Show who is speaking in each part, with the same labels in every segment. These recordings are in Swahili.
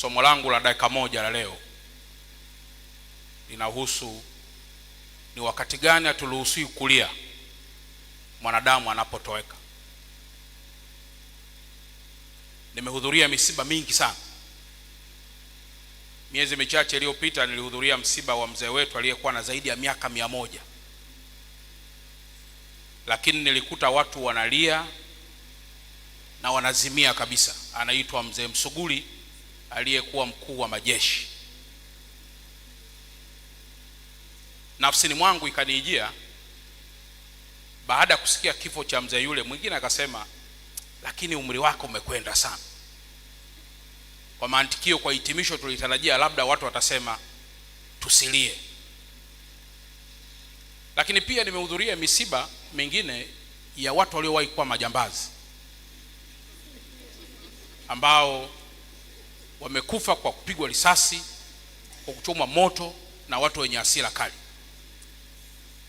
Speaker 1: Somo langu la dakika moja la leo linahusu ni wakati gani haturuhusiwi kulia mwanadamu anapotoweka. Nimehudhuria misiba mingi sana. Miezi michache iliyopita nilihudhuria msiba wa mzee wetu aliyekuwa na zaidi ya miaka mia moja, lakini nilikuta watu wanalia na wanazimia kabisa. Anaitwa mzee Msuguli aliyekuwa mkuu wa majeshi. Nafsini mwangu ikaniijia baada ya kusikia kifo cha mzee yule. Mwingine akasema, lakini umri wako umekwenda sana. Kwa mantikio, kwa hitimisho, tulitarajia labda watu watasema tusilie, lakini pia nimehudhuria misiba mingine ya watu waliowahi kuwa majambazi ambao wamekufa kwa kupigwa risasi, kwa kuchomwa moto na watu wenye hasira kali.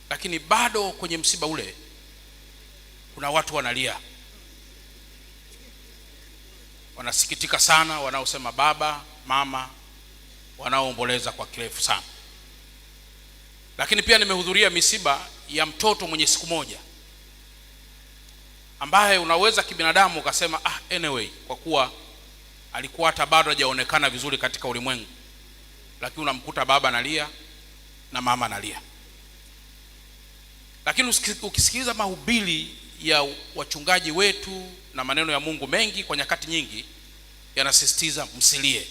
Speaker 1: Lakini bado kwenye msiba ule kuna watu wanalia, wanasikitika sana, wanaosema baba, mama, wanaoomboleza kwa kirefu sana. Lakini pia nimehudhuria misiba ya mtoto mwenye siku moja ambaye unaweza kibinadamu ukasema ah, anyway kwa kuwa alikuwa hata bado hajaonekana vizuri katika ulimwengu, lakini unamkuta baba analia na mama analia. Lakini ukisikiliza mahubiri ya wachungaji wetu na maneno ya Mungu mengi kwa nyakati nyingi yanasisitiza msilie.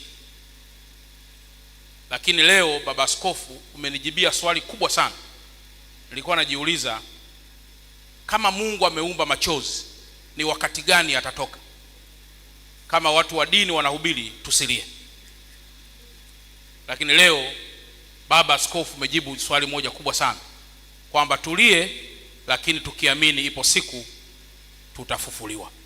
Speaker 1: Lakini leo baba askofu, umenijibia swali kubwa sana. Nilikuwa najiuliza kama Mungu ameumba machozi, ni wakati gani atatoka? kama watu wa dini wanahubiri tusilie. Lakini leo baba askofu, umejibu swali moja kubwa sana kwamba tulie, lakini tukiamini ipo siku tutafufuliwa.